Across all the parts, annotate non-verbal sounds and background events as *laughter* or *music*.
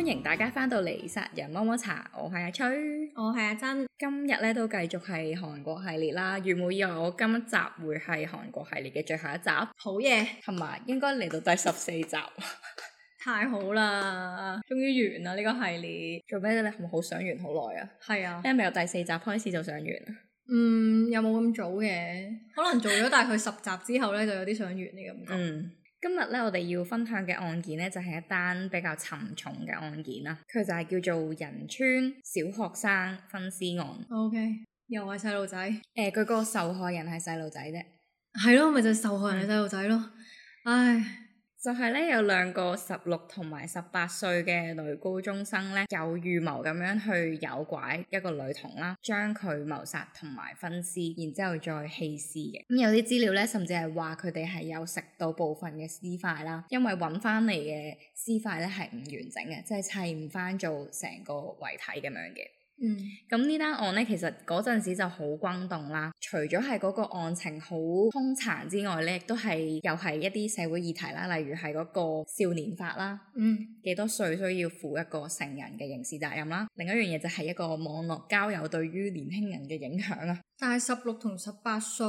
歡迎大家翻到嚟殺人摸摸茶，我係阿崔，我係阿珍。今日咧都繼續係韓國系列啦，原本以為我今一集會係韓國系列嘅最後一集，好嘢害，同埋應該嚟到第十四集， *laughs* 太好啦了，終於完啦呢、這個系列，做咩咧？係咪好想完好耐啊？係啊，因為由第四集開始就想完？嗯，有冇咁早嘅？可能做咗大概十集之後咧，就有啲想完嘅、這個、感覺。嗯今日咧，我哋要分享嘅案件咧，就係一單比較沉重嘅案件啦。佢就係叫做仁川小學生分屍案。OK，又係細路仔。誒，佢個受害人係細路仔啫。係咯，咪就係受害人係細路仔咯。嗯、唉。就係咧，有兩個十六同埋十八歲嘅女高中生咧，有預謀咁樣去誘拐一個女童啦，將佢謀殺同埋分屍，然之後再棄屍嘅、嗯。有啲資料咧，甚至係話佢哋係有食到部分嘅屍塊啦，因為搵翻嚟嘅屍塊咧係唔完整嘅，即係砌唔翻做成個遺體咁樣嘅。嗯，咁呢單案咧，其實嗰陣時就好轟動啦。除咗係嗰個案情好兇殘之外咧，亦都係又係一啲社會議題啦，例如係嗰個少年法啦，嗯，幾多歲需要負一個成人嘅刑事責任啦？另一樣嘢就係一個網絡交友對於年輕人嘅影響啊。但係十六同十八歲，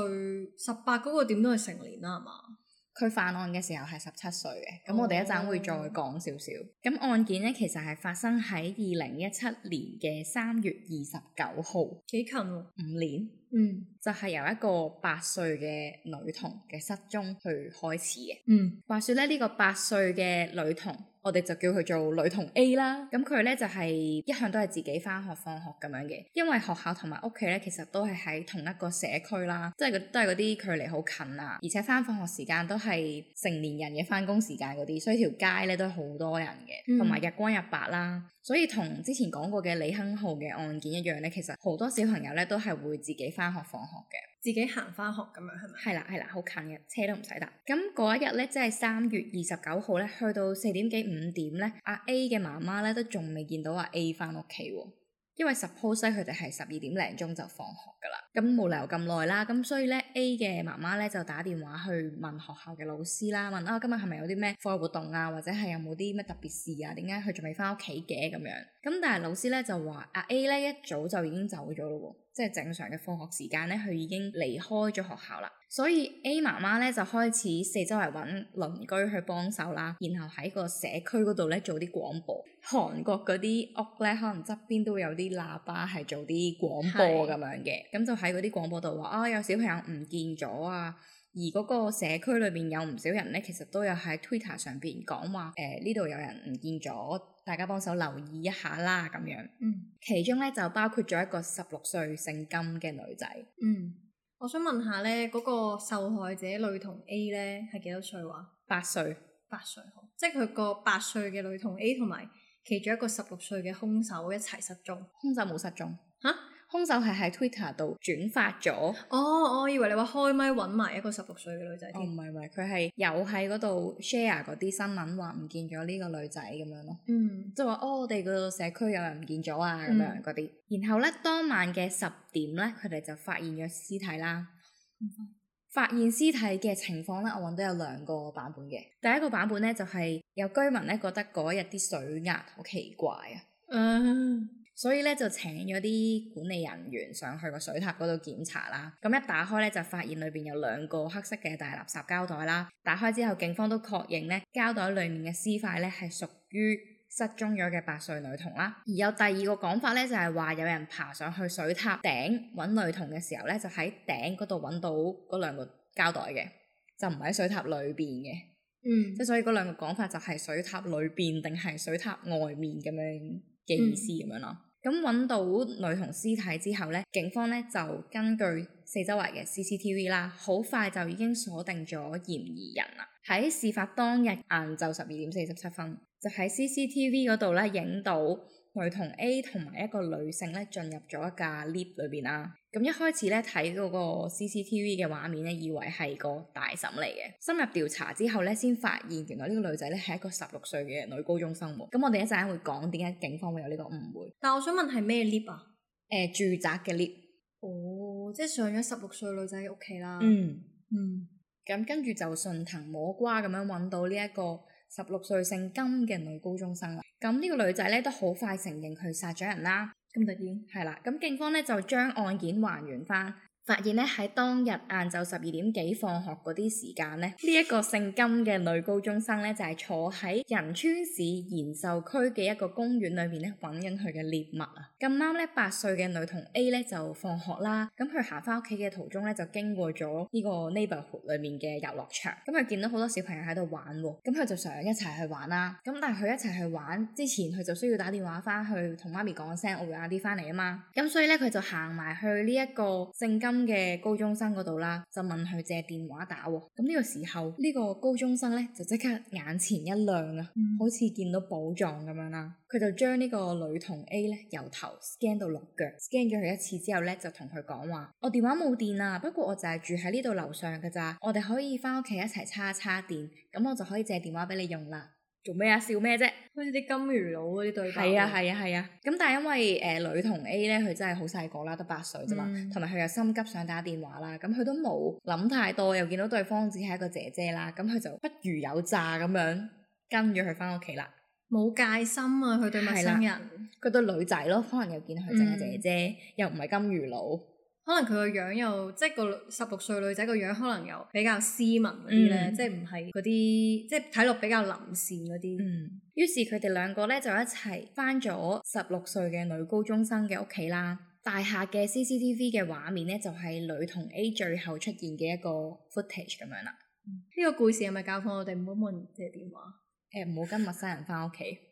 十八嗰個點都係成年啦，係咪？佢犯案嘅時候係十七歲嘅，咁、哦、我哋一陣會，會再講少少。咁、嗯、案件咧，其實係發生喺二零一七年嘅三月二十九號，幾近五年，嗯，就係由一個八歲嘅女童嘅失蹤去開始嘅。嗯，話說咧，呢、呢個八歲嘅女童。我哋就叫佢做女童 A 啦，咁佢呢就係一向都係自己翻學放學咁樣嘅，因為學校同埋屋企呢其實都係喺同一個社區啦，即係都係嗰啲距離好近啊，而且翻放學時間都係成年人嘅翻工時間嗰啲，所以條街呢都好多人嘅，同埋日光日白啦，所以同之前講過嘅李亨浩嘅案件一樣呢，其實好多小朋友呢都係會自己翻學放學嘅。自己行翻學咁樣係咪？係啦，係啦，好近嘅，車都唔使搭。咁嗰一日咧，即係三月二十九號咧，去到四點幾五點咧，阿 A 嘅媽媽咧都仲未見到阿 A 翻屋企喎，因為 suppose 佢哋係十二點零鐘就放學噶啦。咁冇理由咁耐啦，咁所以咧 A 嘅媽媽咧就打電話去問學校嘅老師啦，問啊今日係咪有啲咩課外活動啊，或者係有冇啲咩特別事啊？點解佢仲未翻屋企嘅咁樣？咁但係老師咧就話阿 A 咧一早就已經走咗咯喎。即係正常嘅放學時間咧，佢已經離開咗學校啦。所以 A 媽媽咧就開始四周圍揾鄰居去幫手啦，然後喺個社區嗰度咧做啲廣播。韓國嗰啲屋咧，可能側邊都有啲喇叭係做啲廣播咁是樣嘅。咁就喺嗰啲廣播度話啊，有小朋友唔見咗啊！而嗰個社區裏邊有唔少人咧，其實都有喺 Twitter 上邊講話，誒呢度有人唔見咗。大家幫手留意一下啦，咁樣。嗯，其中咧就包括咗一個十六歲姓金嘅女仔。嗯，我想問下咧，嗰、那個受害者女童 A 咧係幾多歲話、啊？八歲。八歲，好，即係佢個八歲嘅女童 A，同埋其中一個十六歲嘅凶手一齊失蹤。凶手冇失蹤，吓？兇手係喺 Twitter 度轉發咗。哦，我以為你話開咪揾埋一個十六歲嘅女仔哦，唔係，唔係，佢係又喺嗰度 share 嗰啲新聞，話唔見咗呢個女仔咁樣咯。嗯。即係話，哦，我哋個社區有人唔見咗啊，咁樣嗰啲、嗯。然後咧，當晚嘅十點咧，佢哋就發現咗屍體啦。發現屍體嘅情況咧，我揾到有兩個版本嘅。第一個版本咧，就係、是、有居民咧覺得嗰日啲水壓好奇怪啊。嗯。所以咧就請咗啲管理人員上去個水塔嗰度檢查啦。咁一打開咧就發現裏邊有兩個黑色嘅大垃圾膠袋啦。打開之後，警方都確認咧膠袋裏面嘅屍塊咧係屬於失蹤咗嘅八歲女童啦。而有第二個講法咧就係話有人爬上去水塔頂揾女童嘅時候咧，就喺頂嗰度揾到嗰兩個膠袋嘅，就唔喺水塔裏邊嘅。嗯，即係所以嗰兩個講法就係水塔裏邊定係水塔外面咁樣嘅意思咁樣咯。嗯。咁揾到女童屍體之後呢，警方呢就根據四周圍嘅 CCTV 啦，好快就已經鎖定咗嫌疑人啦。喺事發當日晏晝十二點四十七分，就喺 CCTV 嗰度呢影到。女童 A 同埋一個女性咧進入咗一架 lift 裏邊啦。咁一開始咧睇嗰個 CCTV 嘅畫面咧，以為係個大嬸嚟嘅。深入調查之後咧，先發現原來呢個女仔咧係一個十六歲嘅女高中生喎。咁我哋一陣間會講點解警方會有呢個誤會。但我想問係咩 lift 啊？誒、呃，住宅嘅 lift。哦，即係上咗十六歲女仔嘅屋企啦。嗯。嗯。咁、嗯、跟住就順藤摸瓜咁樣揾到呢、這、一個十六歲姓金嘅女高中生啦，咁呢個女仔呢都好快承認佢殺咗人啦，咁得意，係啦，咁警方呢就將案件還原返。發現呢，喺當日晏晝十二點幾放學嗰啲時間咧，呢、這、一個姓金嘅女高中生呢，就係、是、坐喺仁川市延壽區嘅一個公園裏面，咧揾緊佢嘅獵物啊！咁啱呢，八歲嘅女童 A 呢就放學啦，咁佢行翻屋企嘅途中呢，就經過咗呢個 neighborhood 裏面嘅遊樂場，咁佢見到好多小朋友喺度玩，啊，咁佢就想一齊去玩啦，啊。咁但係佢一齊去玩之前，佢就需要打電話翻去同媽咪講聲我會晏啲翻嚟啊嘛。咁所以咧佢就行埋去呢一個姓金嘅高中生嗰度啦，就問佢借電話打喎、哦。咁、這、呢個時候，呢、這個高中生咧就即刻眼前一亮啊，嗯、好似見到寶藏咁樣啦。佢就將呢個女童 A 咧由頭 scan 到落腳，scan 咗佢一次之後咧，就同佢講話：我電話冇電啊，不過我就係住喺呢度樓上噶咋，我哋可以翻屋企一齊叉一叉電，咁我就可以借電話俾你用啦。做咩啊？笑咩啫？好似啲金魚佬嗰啲對白。係啊係啊係啊。咁、啊啊、但係因為誒、呃、女童 A 咧，佢真係好細個啦，得八歲啫嘛。同埋佢又心急想打電話啦。嗯。咁佢都冇諗太多，又見到對方只係一個姐姐啦。咁佢就不如有詐咁樣跟住佢翻屋企啦。冇戒心啊！佢對陌生人。係啦。佢對、啊、女仔咯，可能又見到佢淨係姐姐，嗯、又唔係金魚佬。可能佢個樣又即係個十六歲女仔個樣，可能又比較斯文嗰啲咧，即係唔係嗰啲即係睇落比較林線嗰啲。於、嗯、是，佢哋兩個咧就一齊翻咗十六歲嘅女高中生嘅屋企啦。大廈嘅 CCTV 嘅畫面咧就係、是，女童 A 最後出現嘅一個 footage 咁樣啦。呢、嗯，這個故事係咪教訓我哋唔好問借電話？誒、呃，唔好跟陌生人翻屋企。 *laughs*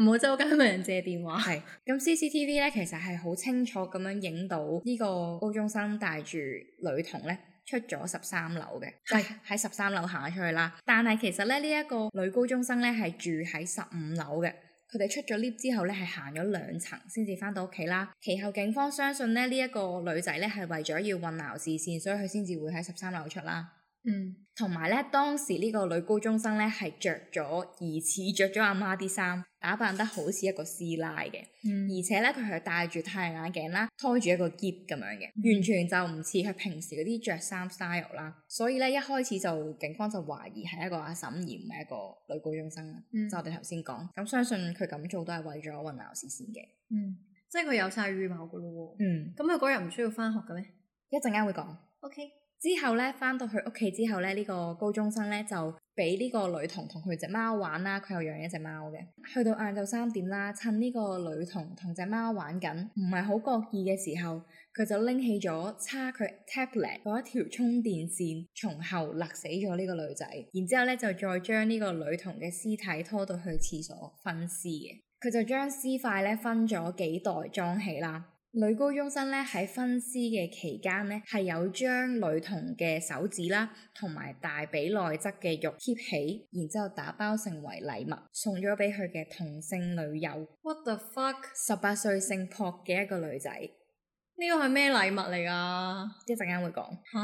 唔好周街問人借電話。係咁 CCTV 咧，其實係好清楚咁樣影到呢個高中生帶住女童咧出咗十三樓嘅，係喺十三樓行咗出去啦。但係其實咧呢一個女高中生咧係住喺十五樓嘅，佢哋出咗 lift 之後咧係行咗兩層先至翻到屋企啦。其後警方相信咧呢一個女仔咧係為咗要混淆視線，所以佢先至會喺十三樓出啦。嗯。同埋咧，當時呢個女高中生咧係着咗疑似着咗阿媽啲衫，打扮得好似一個師奶嘅，嗯、而且咧佢係戴住太陽眼鏡啦，拖住一個喼咁樣嘅，完全就唔似佢平時嗰啲着衫 style 啦。所以咧，一開始就警方就懷疑係一個阿嬸而唔係一個女高中生。嗯、就我哋頭先講，咁相信佢咁做都係為咗混淆視線嘅。嗯，即係佢有晒預謀噶咯。嗯，咁佢嗰日唔需要翻學嘅咩？一陣間會講。O K。之後咧，翻到佢屋企之後咧，呢、呢個高中生咧就俾呢個女童同佢隻貓玩啦。佢又養一隻貓嘅。去到晏晝三點啦，趁呢個女童同隻貓玩緊，唔係好覺意嘅時候，佢就拎起咗叉佢 tablet 嗰一條充電線，從後勒死咗呢個女仔。然之後咧就再將呢個女童嘅屍體拖到去廁所分屍嘅。佢就將屍塊咧分咗幾袋裝起啦。女高中生咧喺分屍嘅期間咧，係有將女童嘅手指啦，同埋大髀內側嘅肉切起，然之後打包成為禮物，送咗俾佢嘅同性女友。What the fuck！十八歲姓朴嘅一個女仔，呢個係咩禮物嚟噶 Huh?？一陣間會講。吓？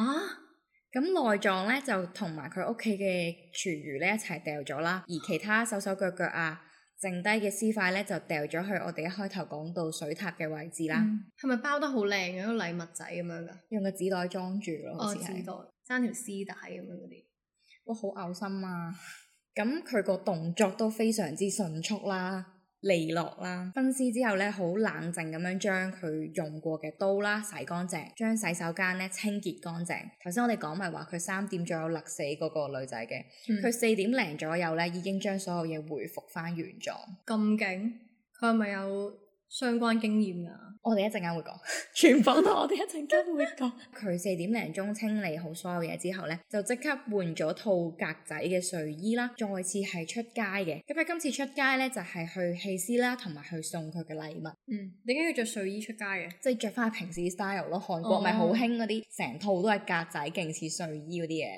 咁內臟咧就同埋佢屋企嘅廚餘咧一齊掉咗啦，而其他手手腳腳啊。剩低嘅屍塊咧，就掉咗去我哋一開頭講到水塔嘅位置啦。係咪、嗯、包得好靚嘅一個禮物仔咁樣噶？用個紙袋裝住咯。哦，好似係，紙袋，爭條絲帶咁樣嗰啲。哇、哦，好嘔心啊！咁佢個動作都非常之迅速啦。利落啦，分屍之後咧，好冷靜咁樣將佢用過嘅刀啦，洗乾淨，將洗手間咧清潔乾淨。頭先我哋講咪話佢三點左右勒死嗰個女仔嘅，嗯，佢四點零左右咧已經將所有嘢回復翻原狀，咁勁，佢係咪有？相關經驗噶、啊，我哋一陣間會講。 *laughs* 全部都我哋一陣間會講。佢四點零鐘清理好所有嘢之後咧，就即刻換咗套格仔嘅睡衣啦，再次係出街嘅。咁佢今次出街咧，就係、是、去棄屍啦，同埋去送佢嘅禮物。嗯，點解要着睡衣出街嘅？即係着翻平時 style 咯。韓國咪好興嗰啲成套都係格仔，勁似睡衣嗰啲嘢。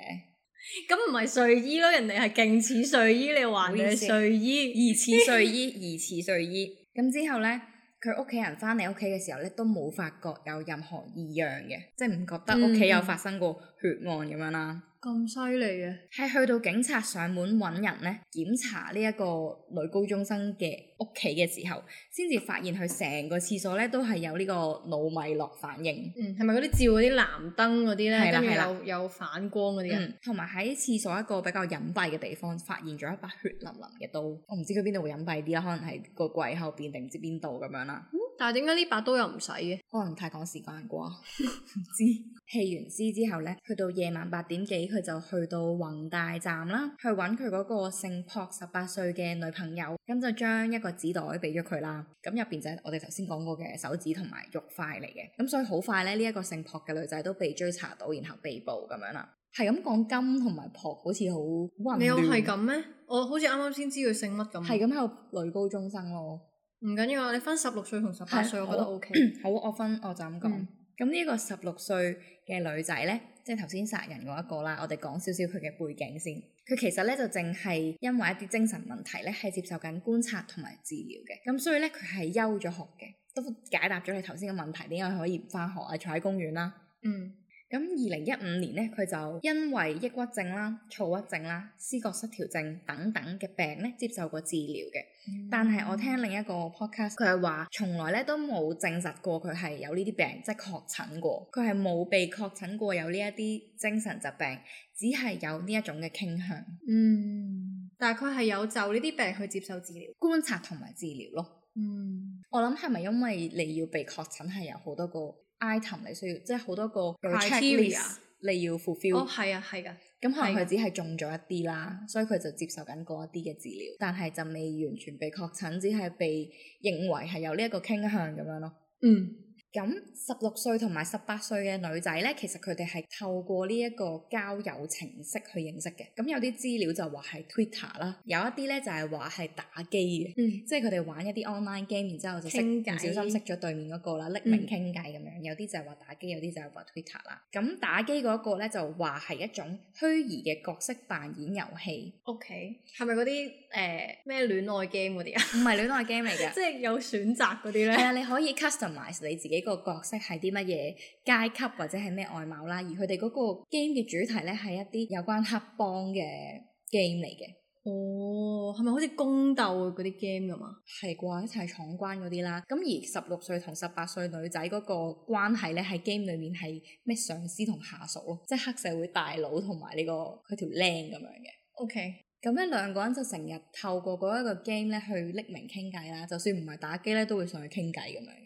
咁唔係睡衣咯，人哋係勁似睡衣。你話你係睡衣，疑似睡衣，疑似睡衣。咁 *laughs* 之後咧。佢屋企人返嚟屋企嘅時候咧，都冇發覺有任何異樣嘅，即係唔覺得屋企有發生過血案咁樣啦。咁犀利嘅，係去到警察上門揾人咧，檢查呢一個女高中生嘅屋企嘅時候，先至發現佢成個廁所咧都係有呢個魯米諾反應。嗯，係咪嗰啲照嗰啲藍燈嗰啲咧，的跟住有的有反光嗰啲？嗯，同埋喺廁所一個比較隱蔽嘅地方，發現咗一把血淋淋嘅刀。我唔知佢邊度會隱蔽啲啦，可能係個櫃後邊定唔知邊度咁樣啦、嗯。但係點解呢把刀又唔使嘅？可能太趕時間啩？唔 *laughs* 知。棄 *laughs* 完屍之後咧，去到夜晚八點幾，佢就去到弘大站啦，去揾佢嗰個姓朴十八歲嘅女朋友，咁就將一個紙袋俾咗佢啦，咁入邊就係我哋頭先講過嘅手指同埋肉塊嚟嘅，咁所以好快咧，呢一個姓朴嘅女仔都被追查到，然後被捕咁樣啦。係咁講，金同埋朴好似好你有係咁咩？我好似啱啱先知佢姓乜咁，係咁係個女高中生咯，唔緊要啊，你分十六歲同十八歲我覺得 OK， *coughs* 好，我分我就咁講，咁、嗯、呢個十六歲嘅女仔咧。即係頭先殺人嗰一個啦，我哋講少少佢嘅背景先。佢其實咧就淨係因為一啲精神問題咧，係接受緊觀察同埋治療嘅。咁所以咧佢係休咗學嘅，都解答咗佢頭先嘅問題，點解可以唔翻學啊？坐喺公園啦，嗯。咁二零一五年咧，佢就因為抑鬱症啦、躁鬱症啦、思覺失調症等等嘅病咧，接受過治療嘅。嗯、但係我聽另一個 podcast，佢係話從來咧都冇證實過佢係有呢啲病，即係確診過，佢係冇被確診過有呢一啲精神疾病，只係有呢一種嘅傾向。嗯，大概係有就呢啲病去接受治療、觀察同埋治療咯。嗯，我諗係咪因為你要被確診係有好多個 item 你需要即係好多個 checklist，你要 fulfill。哦，係啊，係啊。咁可能佢只係中咗一啲啦，的所以佢就接受緊嗰一啲嘅治療，但係就未完全被確診，只係被認為係有呢一個傾向咁樣咯。嗯。嗯。咁十六歲同埋十八歲嘅女仔咧，其實佢哋係透過呢一個交友程式去認識嘅。咁有啲資料就話係 Twitter 啦，有一啲咧就係話係打機嘅，嗯、即係佢哋玩一啲 online game，然之後就識，唔小心識咗對面嗰個啦，匿名傾偈咁樣。嗯、有啲就係話打機，有啲就係話 Twitter 啦。咁打機嗰個咧就話係一種虛擬嘅角色扮演遊戲。OK，係咪嗰啲誒咩戀愛 game 嗰啲啊？唔係戀愛 game 嚟嘅，即係 *laughs* 有選擇嗰啲咧。係啊。你可以 customize 你自己。幾個角色係啲乜嘢階級或者係咩外貌啦，而佢哋嗰個 game 嘅主題咧係一啲有關黑幫嘅 game 嚟嘅。哦，係咪好似宮鬥嗰啲 game 噶嘛？係啩一齊闖關嗰啲啦。咁而十六歲同十八歲女仔嗰個關係咧，喺 game 裡面係咩上司同下屬咯，即係黑社會大佬同埋呢個佢條靚咁樣嘅。OK，咁呢兩個人就成日透過嗰一個 game 咧去匿名傾偈啦，就算唔係打機咧，都會上去傾偈咁樣。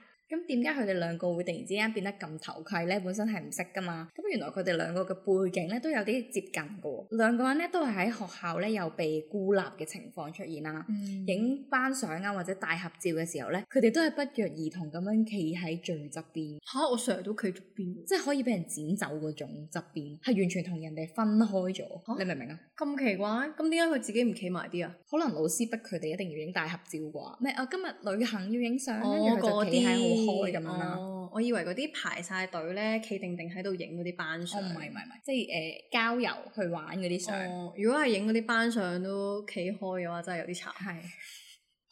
咁點解佢哋兩個會突然之間變得咁投契咧？本身係唔識噶嘛，咁原來佢哋兩個嘅背景咧都有啲接近嘅。兩個人咧都係喺學校咧有被孤立嘅情況出現啦。影、嗯、班相啊或者大合照嘅時候咧，佢哋都係不約而同咁樣企喺最側邊。嚇，我成日都企側邊，即係可以俾人剪走嗰種側邊，係完全同人哋分開咗。哈你明唔明啊？咁奇怪，咁點解佢自己唔企埋啲啊？可能老師逼佢哋一定要影大合照啩？咩啊？今日旅行要影相，跟住佢就開咁樣啦，我以為嗰啲排晒隊咧，企定定喺度影嗰啲班相，唔係唔係，即係誒郊遊去玩嗰啲相。如果係影嗰啲班相都企開嘅話，真係有啲慘。係，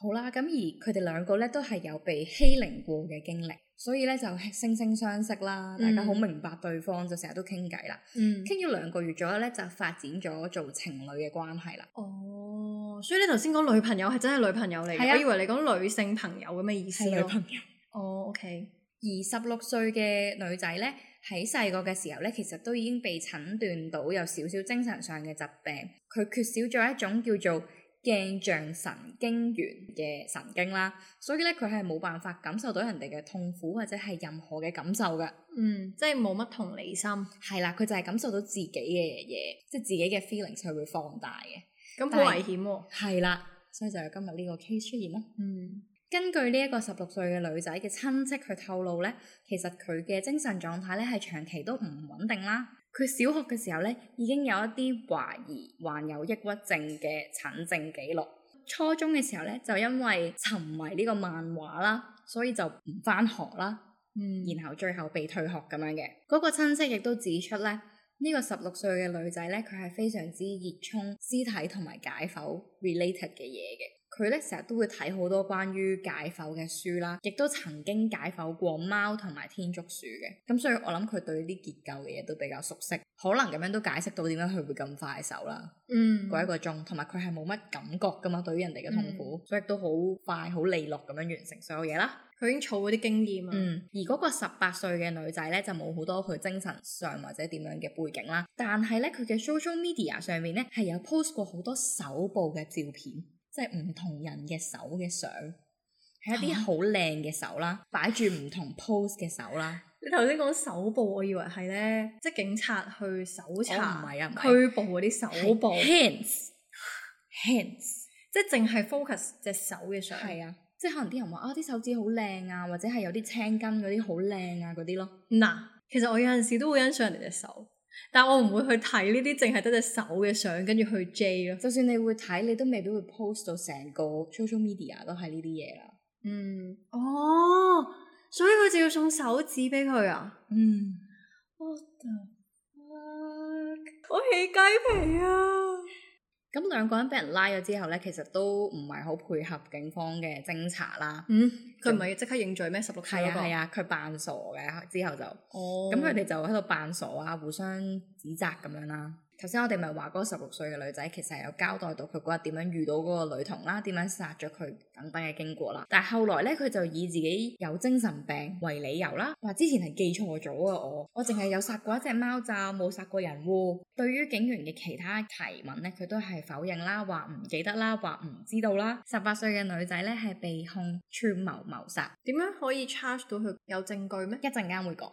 好啦，咁而佢哋兩個咧都係有被欺凌過嘅經歷，所以咧就惺惺相惜啦，大家好明白對方，就成日都傾偈啦，嗯，傾咗兩個月左右咧，就發展咗做情侶嘅關係啦。哦，所以你頭先講女朋友係真係女朋友嚟，我以為你講女性朋友咁嘅意思女朋友。哦、oh，OK。而十六歲嘅女仔咧，喺細個嘅時候咧，其實都已經被診斷到有少少精神上嘅疾病。佢缺少咗一種叫做鏡像神經元嘅神經啦，所以咧佢係冇辦法感受到人哋嘅痛苦或者係任何嘅感受嘅。嗯，即係冇乜同理心。係啦，佢就係感受到自己嘅嘢，即係自己嘅 feelings 係會放大嘅。咁好危險喎！係啦但、啊，所以就係今日呢個 case 出現啦。嗯。根據呢一個十六歲嘅女仔嘅親戚去透露咧，其實佢嘅精神狀態咧係長期都唔穩定啦。佢小學嘅時候咧已經有一啲懷疑患有抑鬱症嘅診症記錄。初中嘅時候咧就因為沉迷呢個漫畫啦，所以就唔翻學啦，唔返學。嗯，然後最後被退學咁樣嘅。嗰個親戚亦都指出咧，呢個十六歲嘅女仔咧，佢係非常之熱衷屍體同埋解剖 related 嘅嘢嘅。佢咧成日都會睇好多關於解剖嘅書啦，亦都曾經解剖過貓同埋天竺鼠嘅。咁、嗯、所以我諗佢對啲結構嘅嘢都比較熟悉，可能咁樣都解釋到點解佢會咁快手啦。嗯，嗰一個鐘，同埋佢係冇乜感覺噶嘛，對於人哋嘅痛苦，嗯、所以都好快好利落咁樣完成所有嘢啦。佢已經儲咗啲經驗啊。嗯，而嗰個十八歲嘅女仔咧就冇好多佢精神上或者點樣嘅背景啦，但係咧佢嘅 social media 上面咧係有 post 過好多首部嘅照片。即係唔同人嘅手嘅相，係一啲好靚嘅手啦，擺住唔同 pose 嘅手啦、哦。你頭先講手部，我以為係咧，即係警察去搜查、唔係啊、拘捕嗰啲手部。部 hands hands，即係淨係 focus 只是隻手嘅相。係啊，啊即係可能啲人話啊，啲手指好靚啊，或者係有啲青筋嗰啲好靚啊嗰啲咯。嗱，其實我有陣時都會欣賞人哋隻手。但我唔會去睇呢啲，淨係得隻手嘅相，跟住去 J 咯。就算你會睇，你都未必會 post 到成個 social media 都係呢啲嘢啦。嗯。哦，所以佢就要送手指俾佢啊？嗯。我的，我起雞皮啊！咁兩個人被人拉咗之後咧，其實都唔係好配合警方嘅偵查啦。嗯，佢唔係要即刻認罪咩？十六？係啊，係啊，佢扮、啊、傻嘅，之後就，哦，咁佢哋就喺度扮傻啊，互相指責咁樣啦。頭先我哋咪話嗰十六歲嘅女仔其實係有交代到佢嗰日點樣遇到嗰個女童啦，點樣殺咗佢等等嘅經過啦。但係後來咧，佢就以自己有精神病為理由啦，話之前係記錯咗啊，我我淨係有殺過一隻貓咋，冇殺過人喎、哦。對於警員嘅其他提問咧，佢都係否認啦，話唔記得啦，話唔知道啦。十八歲嘅女仔咧係被控串謀謀殺，點樣可以 charge 到佢？有證據咩？一陣間會講。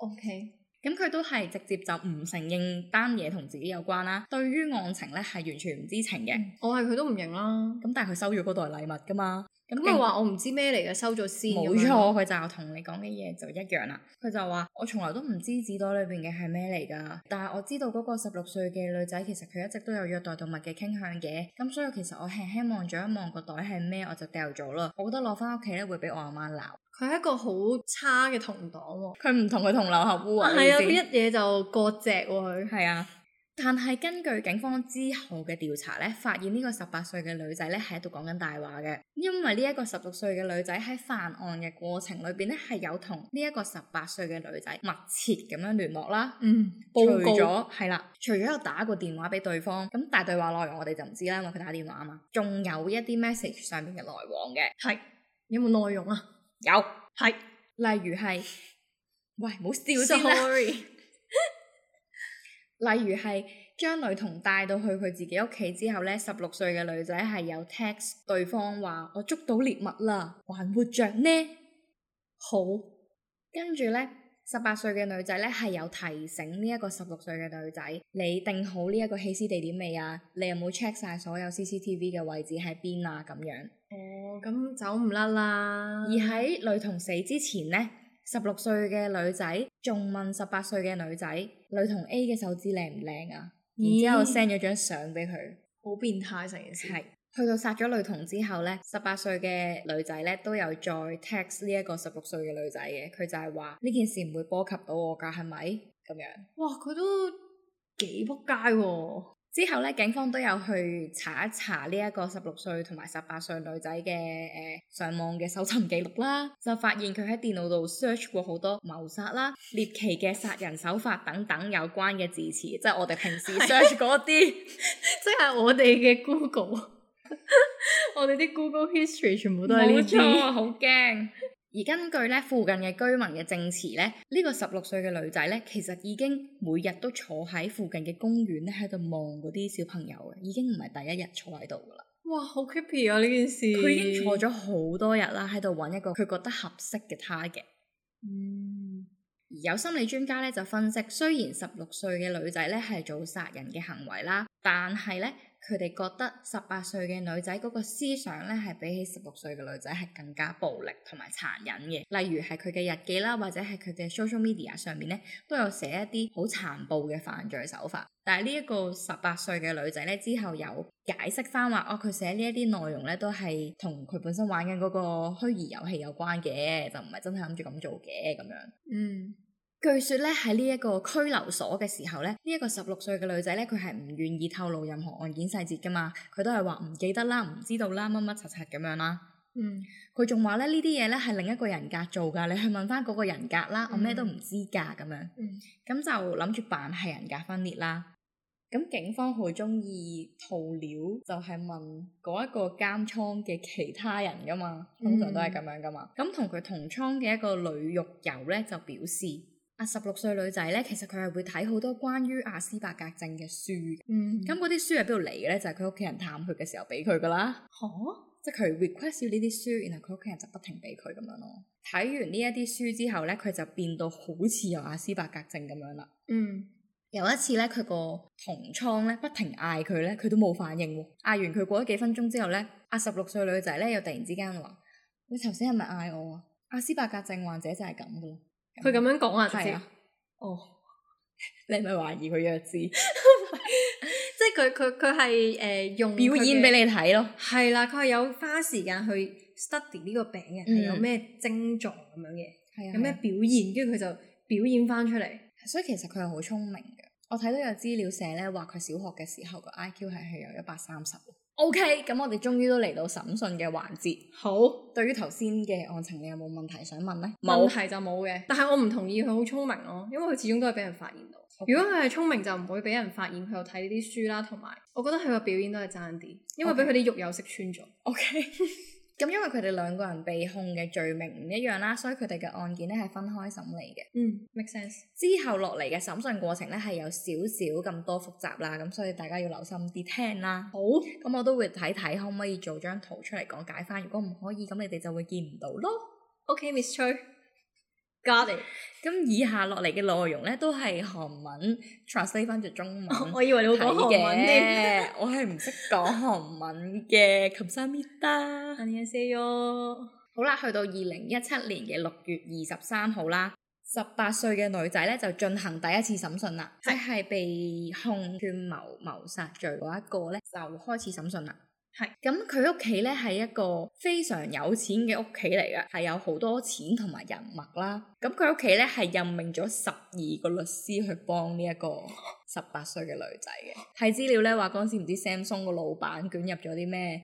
OK。咁佢都係直接就唔承認單嘢同自己有關啦。對於案情咧，係完全唔知情嘅、嗯。我係佢都唔認啦。咁但係佢收咗嗰袋禮物噶嘛。咁佢話我唔知咩嚟嘅，收咗先了。冇錯嘛，佢就同你講嘅嘢就一樣啦。佢就話我從來都唔知紙袋裏邊嘅係咩嚟㗎。但係我知道嗰個十六歲嘅女仔其實佢一直都有虐待動物嘅傾向嘅。咁所以其實我輕輕望咗一望個袋係咩，我就掉咗啦。我覺得攞翻屋企咧會俾我阿媽鬧。佢係一個好差嘅同黨，佢唔同佢同流合污啊！係啊，佢一嘢就割席佢。係啊，啊 *laughs* 但係根據警方之後嘅調查咧，發現呢個十八歲嘅女仔咧係喺度講緊大話嘅，因為呢一個十六歲嘅女仔喺犯案嘅過程裏邊咧係有同呢一個十八歲嘅女仔密切咁樣聯絡啦。嗯，報告除咗係啦，除咗有打過電話俾對方，咁大對話內容我哋就唔知啦，因為佢打電話啊嘛。仲有一啲 message 上邊嘅來往嘅，係有冇內容啊？有係，例如係， *laughs* 喂，唔好笑先啦。Sorry. *laughs* 例如係，將女童帶到去佢自己屋企之後咧，十六歲嘅女仔係有 text 對方話 *laughs* 我捉到獵物啦，還活着呢？好，跟住咧，十八歲嘅女仔咧係有提醒呢一個十六歲嘅女仔，你定好呢一個棄屍地點未啊？你有冇 check 晒所有 CCTV 嘅位置喺邊啊？咁樣。嗯咁走唔甩啦！而喺女童死之前呢，十六歲嘅女仔仲問十八歲嘅女仔，女童 A 嘅手指靚唔靚啊？然之後 send 咗張相俾佢，好變態成件事。係，去到殺咗女童之後咧，十八歲嘅女仔咧都有再 text 呢一個十六歲嘅女仔嘅，佢就係話呢件事唔會波及到我噶，係咪咁樣？哇！佢都幾撲街喎～之後咧，警方都有去查一查呢一個十六歲同埋十八歲女仔嘅，誒，上網嘅搜尋記錄啦，就發現佢喺電腦度 search 過好多謀殺啦、獵奇嘅殺人手法等等有關嘅字詞，即係我哋平時 search 嗰啲。 *laughs* 即係我哋嘅 Google， *laughs* 我哋啲 Google history 全部都係冇錯， *laughs* 好驚。而根據咧附近嘅居民嘅證詞咧，呢個十六歲嘅女仔咧，其實已經每日都坐喺附近嘅公園咧喺度望嗰啲小朋友嘅，已經唔係第一日坐喺度噶啦。哇，好 creepy 啊！呢件事佢已經坐咗好多日啦，喺度揾一個佢覺得合適嘅 target。嗯，而有心理專家咧就分析，雖然十六歲嘅女仔咧係做殺人嘅行為啦，但係咧，佢哋覺得十八歲嘅女仔嗰個思想咧，係比起十六歲嘅女仔係更加暴力同埋殘忍嘅。例如係佢嘅日記啦，或者係佢嘅 social media 上面咧，都有寫一啲好殘暴嘅犯罪手法。但係呢一個十八歲嘅女仔咧，之後有解釋翻話，哦，佢寫呢一啲內容咧，都係同佢本身玩緊嗰個虛擬遊戲有關嘅，就唔係真係諗住咁做嘅咁樣。嗯。據說咧，喺呢一個拘留所嘅時候咧，呢、這、一個十六歲嘅女仔咧，佢係唔願意透露任何案件細節噶嘛，佢都係話唔記得啦，唔知道啦，乜乜柒柒咁樣啦。嗯，佢仲話咧，呢啲嘢咧係另一個人格做噶，你去問翻嗰個人格啦，嗯、我咩都唔知噶咁樣。嗯，咁就諗住扮係人格分裂啦。咁警方好中意套料，就係、是、問嗰一個監倉嘅其他人噶嘛，通常都係咁樣噶嘛。咁、嗯、同佢同倉嘅一個女獄友咧就表示。阿十六歲女仔咧，其實佢係會睇好多關於阿斯伯格症嘅書的。嗯、mm，咁嗰啲書係邊度嚟嘅咧？就係佢屋企人探佢嘅時候俾佢噶啦。吓，Huh? 即係佢 request 呢啲書，然後佢屋企人就不停俾佢咁樣咯。睇完呢一啲書之後咧，佢就變到好似有阿斯伯格症咁樣啦。嗯、mm，hmm. 有一次咧，佢個同窗咧不停嗌佢咧，佢都冇反應。嗌完佢過咗幾分鐘之後咧，阿十六歲女仔咧又突然之間話：你頭先係咪嗌我啊？阿斯伯格症患者就係咁噶啦。佢咁樣講啊，係啊，了哦，你係咪懷疑佢弱智？即係佢佢佢係誒用表演俾你睇咯，係啦，佢係有花時間去 study 呢個病嘅，嗯、有咩症狀咁樣嘅，啊、有咩表現，跟住佢就表演翻出嚟，所以其實佢係好聰明嘅。我睇到有資料寫咧，話佢小學嘅時候個 I Q 係係有一百三十。O K，咁我哋終於都嚟到審訊嘅環節。好，對於頭先嘅案情，你有冇問題想問呢？冇，問題就冇嘅。但係我唔同意佢好聰明咯，哦，因為佢始終都係俾人發現到。Okay. 如果佢係聰明，就唔會俾人發現佢有睇呢啲書啦。同埋，我覺得佢個表演都係差啲，因為俾佢啲肉又食穿咗。O K。咁因為佢哋兩個人被控嘅罪名唔一樣啦，所以佢哋嘅案件咧，係分開審理嘅。嗯，make sense。之後落嚟嘅審訊過程咧，係有少少咁多複雜啦，咁所以大家要留心啲聽啦。好，咁我都會睇睇可唔可以做張圖出嚟講解返，如果唔可以，咁你哋就會見唔到咯。OK，Miss 崔。咁 God. 以下落嚟嘅內容咧都係韓文 translate 翻做中文、哦。我以為你會講韓文添，的 *laughs* 我係唔識講韓文嘅。Kamsamida，Anyaseo。好啦，去到二零一七年嘅六月二十三號啦，十八歲嘅女仔咧就進行第一次審訊啦，即係被控串謀謀殺罪嗰一個咧就開始審訊啦。係咁，佢屋企咧係一個非常有錢嘅屋企嚟嘅，係有好多錢同埋人脈啦。咁佢屋企咧係任命咗十二個律師去幫呢一個十八歲嘅女仔嘅。睇資料咧話，嗰陣時唔知 Samsung 個老闆捲入咗啲咩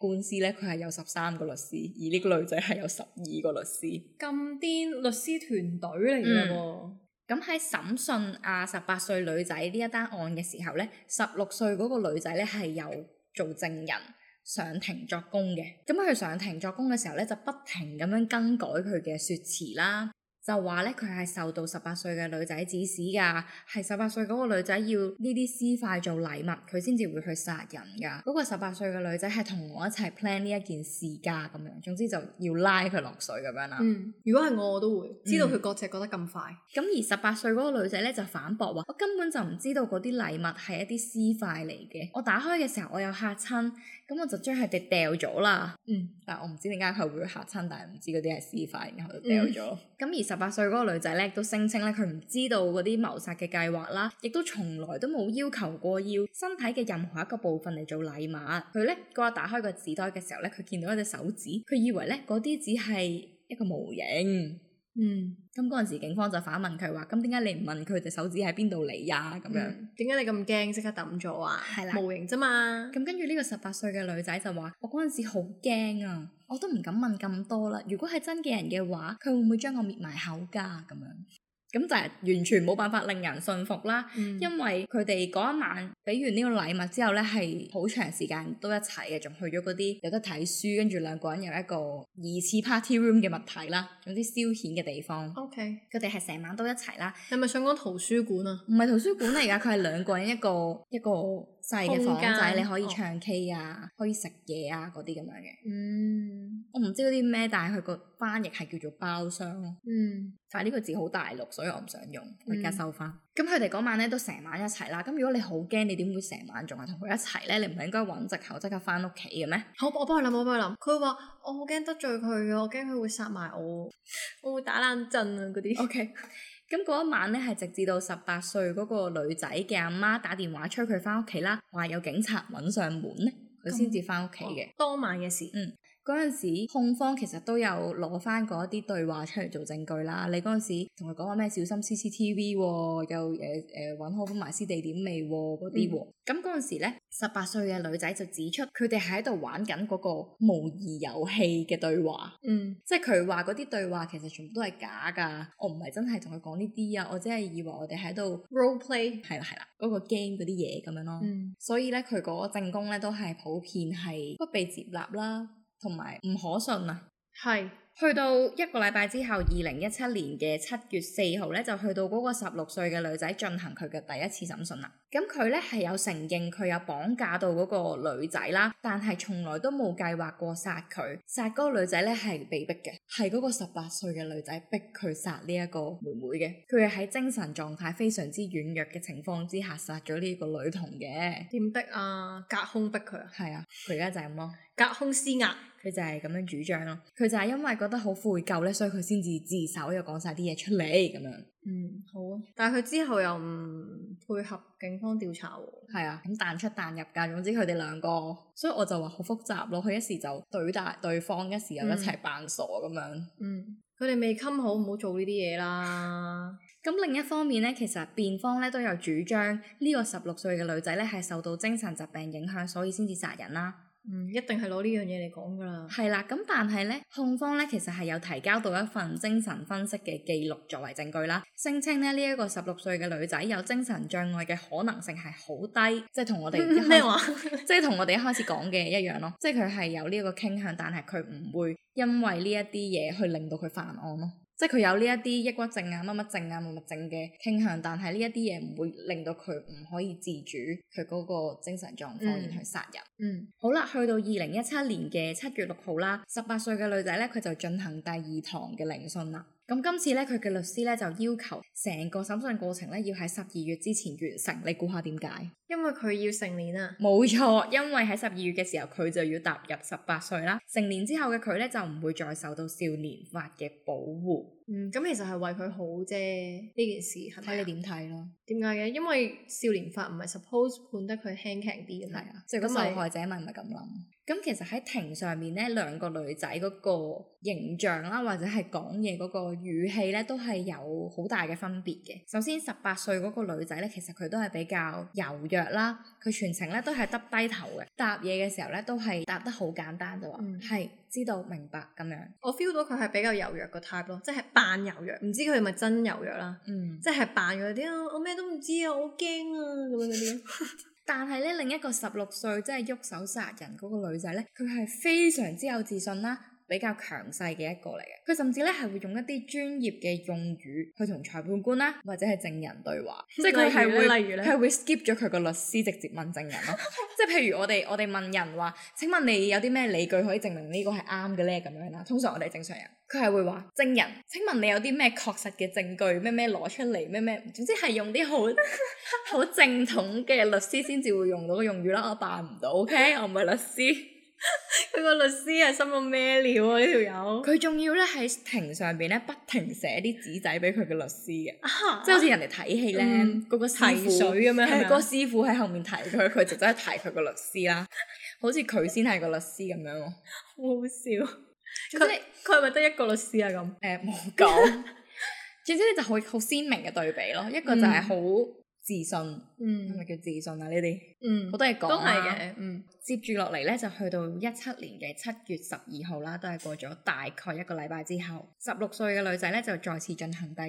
誒官司咧，佢係有十三個律師，而呢個女仔係有十二個律師。咁癲律師團隊嚟嘅噃！咁喺審訊阿十八歲女仔呢一單案嘅時候咧，十六歲嗰個女仔咧係有。做證人上庭作供嘅，咁喺佢上庭作供嘅時候呢，就不停咁樣更改佢嘅說詞啦。就話咧，佢係受到十八歲嘅女仔指使噶，係十八歲嗰個女仔要呢啲屍塊做禮物，佢先至會去殺人噶。嗰、那個十八歲嘅女仔係同我一齊 plan 呢一件事噶咁樣，總之就要拉佢落水咁樣啦。嗯，如果係我，我都會知道佢割隻割得咁快。咁、嗯、而十八歲嗰個女仔咧就反駁話：我根本就唔知道嗰啲禮物係一啲屍塊嚟嘅，我打開嘅時候我有嚇親，咁我就將佢哋掉咗啦。嗯。但我唔知點解佢會嚇親，但係唔知嗰啲係屍塊，然後掉咗。咁、嗯、而十八歲嗰個女仔咧，都聲稱咧佢唔知道嗰啲謀殺嘅計劃啦，亦都從來都冇要求過要身體嘅任何一個部分嚟做禮物。佢咧嗰日打開個紙袋嘅時候咧，佢見到一隻手指，佢以為咧嗰啲只係一個模型。嗯，咁嗰陣時警方就反問佢話，咁點解你唔問佢隻手指喺邊度嚟呀？咁樣，點解、嗯、你咁驚即刻抌咗啊？係啦，模型啫嘛。咁跟住呢個十八歲嘅女仔就話，我嗰陣時好驚啊，我都唔敢問咁多啦。如果係真嘅人嘅話，佢會唔會將我滅埋口噶？咁樣。咁就係完全冇辦法令人信服啦，嗯、因為佢哋嗰一晚俾完呢個禮物之後咧，係好長時間都一齊嘅，仲去咗嗰啲有得睇書，跟住兩個人有一個二次 party room 嘅物體啦，有啲消遣嘅地方。OK，佢哋係成晚都一齊啦。你係咪想講圖書館啊？唔係圖書館嚟㗎，而家佢係兩個人一個一個。細嘅房間仔你可以唱 K，哦、以啊，可以食嘢啊，嗰啲咁樣嘅。嗯。我唔知嗰啲咩，但係佢個翻譯係叫做包廂咯。嗯。但係呢個字好大陸，所以我唔想用，而家收翻。咁佢哋嗰晚咧都成晚一齊啦。咁如果你好驚，你點會成晚仲係同佢一齊咧？你唔係應該揾藉口即刻翻屋企嘅咩？好，我幫佢諗，我幫佢諗。佢話我好驚得罪佢，啊，我驚佢會殺埋我，我會打冷震啊嗰啲。O K。Okay. 咁嗰一晚呢，係直至到十八歲嗰個女仔嘅阿媽打電話催佢返屋企啦，話有警察揾上門呢，佢先至返屋企嘅。當晚嘅事。嗯嗰陣時控方其實都有攞翻嗰啲對話出嚟做證據啦。你嗰陣時同佢講話咩小心 CCTV、啊、又誒誒揾好封埋屍地點未嗰啲喎。咁嗰陣時咧，十八歲嘅女仔就指出佢哋喺度玩緊嗰個模擬遊戲嘅對話。嗯，即係佢話嗰啲對話其實全部都係假噶。我唔係真係同佢講呢啲啊，我只係以為我哋喺度 role play，係啦係啦，嗰、嗰個 game 嗰啲嘢咁樣咯。嗯，所以咧佢嗰個證供咧都係普遍係不被接納啦。同埋唔可信啊！係。去到一個禮拜之後，二零一七年嘅七月四號咧，就去到嗰個十六歲嘅女仔進行佢嘅第一次審訊啦。咁佢咧係有承認佢有綁架到嗰個女仔啦，但係從來都冇計劃過殺佢。殺嗰個女仔咧係被逼嘅，係嗰個十八歲嘅女仔逼佢殺呢一個妹妹嘅。佢係喺精神狀態非常之軟弱嘅情況之下殺咗呢個女童嘅。點逼啊？隔空逼佢啊？係啊，佢而家就係咁咯，隔空施壓。佢就係咁樣主張咯，佢就係因為覺得好悔疚咧，所以佢先至自首，又講晒啲嘢出嚟，咁樣。嗯，好啊，但係佢之後又唔配合警方調查喎。係啊，咁彈出彈入噶，總之佢哋兩個，所以我就話好複雜咯。佢一時就懟大對方，一時又一齊扮傻咁樣，嗯。嗯，佢哋未襟好唔好做呢啲嘢啦。咁 *laughs* 另一方面咧，其實辯方咧都有主張、這個、呢個十六歲嘅女仔咧係受到精神疾病影響，所以先至殺人啦。嗯，一定係攞呢樣嘢嚟講噶啦。係啦，咁但係咧，控方咧其實係有提交到一份精神分析嘅記錄作為證據啦，聲稱咧呢一個十六歲嘅女仔有精神障礙嘅可能性係好低，即係同我哋咩話，即係同我哋一開始講嘅 *laughs* 一,一樣咯， *laughs* 即係佢係有呢一個傾向，但係佢唔會因為呢一啲嘢去令到佢犯案咯。即係佢有呢一啲抑鬱症啊、乜乜症啊、乜乜症嘅傾向，但係呢一啲嘢唔會令到佢唔可以自主佢嗰個精神狀況，然後、嗯、去殺人。嗯，好啦，去到二零一七年嘅七月六號啦，十八歲嘅女仔咧，佢就進行第二堂嘅聆訊啦。咁今次咧，佢嘅律師咧就要求成個審訊過程咧要喺十二月之前完成。你估下點解？因為佢要成年啦，冇錯，因為喺十二月嘅時候佢就要踏入十八歲啦。成年之後嘅佢咧就唔會再受到少年法嘅保護。嗯，咁、嗯、其實係為佢好啫。呢件事，睇看 吧你點睇咯？點解嘅？因為少年法唔係 suppose 判得佢輕平啲嘅，係、嗯、啊。咁受害者咪唔係咁諗？咁是、嗯、其實喺庭上面咧，兩個女仔嗰個形象啦，或者係講嘢嗰個語氣咧，都係有好大嘅分別嘅。首先，十八歲嗰個女仔咧，其實佢都係比較柔弱。弱啦，佢全程咧都係耷低頭嘅，答嘢嘅時候咧都係答得好簡單嘅，就話、係、嗯、知道明白咁樣。我 feel 到佢係比較柔弱個 type 咯，即係扮柔弱，唔知佢係咪真柔弱啦。嗯，即係扮咗啲啊，我咩都唔知啊，我驚啊咁樣嗰啲。但係咧，另一個十六歲即係喐手殺人嗰個女仔咧，佢係非常之有自信啦。比較強勢嘅一個嚟嘅，佢甚至咧係會用一啲專業嘅用語去同裁判官啦、啊，或者係證人對話，即係佢係會，例如咧，係會 skip 咗佢個律師，直接問證人啦、啊。 *laughs* 即係譬如我哋我哋問人話：請問你有啲咩理據可以證明個呢個係啱嘅咧？咁樣啦，通常我哋正常人佢係會話證人：請問你有啲咩確實嘅證據？咩咩攞出嚟？咩咩？總之係用啲好好正統嘅律師先至會用到個用語啦。我扮唔到，OK？我唔係律師。佢個律師係心諗咩料啊？呢條友佢仲要咧喺庭上邊咧不停寫啲紙仔俾佢嘅律師嘅，即係好似人哋睇戲咧，嗰個提水咁樣，係個師傅喺後面提佢，佢就真係提佢個律師啦，好似佢先係個律師咁樣，好好笑。佢佢係咪得一個律師啊？咁誒冇講， *laughs* 總之咧就好好鮮明嘅對比咯，一個就係好。嗯自信，嗯，係咪叫自信啊？呢啲，嗯，好多嘢講啊，都係嘅，嗯，接住落嚟，咧就去到一七年嘅七月十二號啦，都係過咗大概一個禮拜之後，十六歲嘅女仔咧就再次進行第二次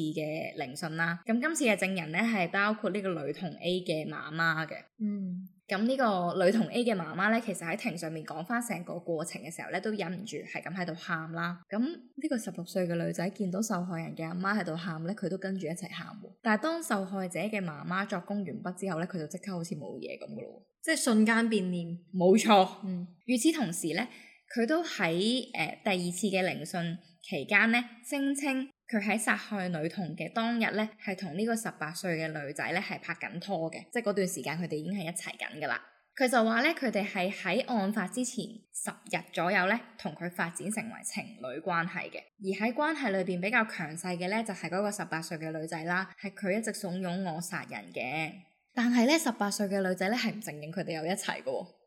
嘅聆訊啦。咁今次嘅證人咧係包括呢個女童 A 嘅媽媽嘅，嗯。咁呢個女童 A 嘅媽媽咧，其實喺庭上面講翻成個過程嘅時候咧，都忍唔住係咁喺度喊啦。咁呢個十六歲嘅女仔見到受害人嘅阿媽喺度喊咧，佢都跟住一齊喊。但係當受害者嘅媽媽作供完畢之後咧，佢就即刻好似冇嘢咁噶咯，即係瞬間變臉。冇錯，嗯。與此同時咧，佢都喺誒、呃、第二次嘅聆訊。期間咧，聲稱佢喺殺害女童嘅當日咧，係同呢個十八歲嘅女仔咧係拍緊拖嘅，即嗰段時間佢哋已經係一齊緊㗎喇。佢就話咧，佢哋係喺案發之前十日左右呢，同佢發展成為情侶關係嘅。而喺關係裏面比較強勢嘅呢，就係嗰個十八歲嘅女仔啦，係佢一直慫恿我殺人嘅。但係呢，十八歲嘅女仔呢，係唔承認佢哋有一齊過。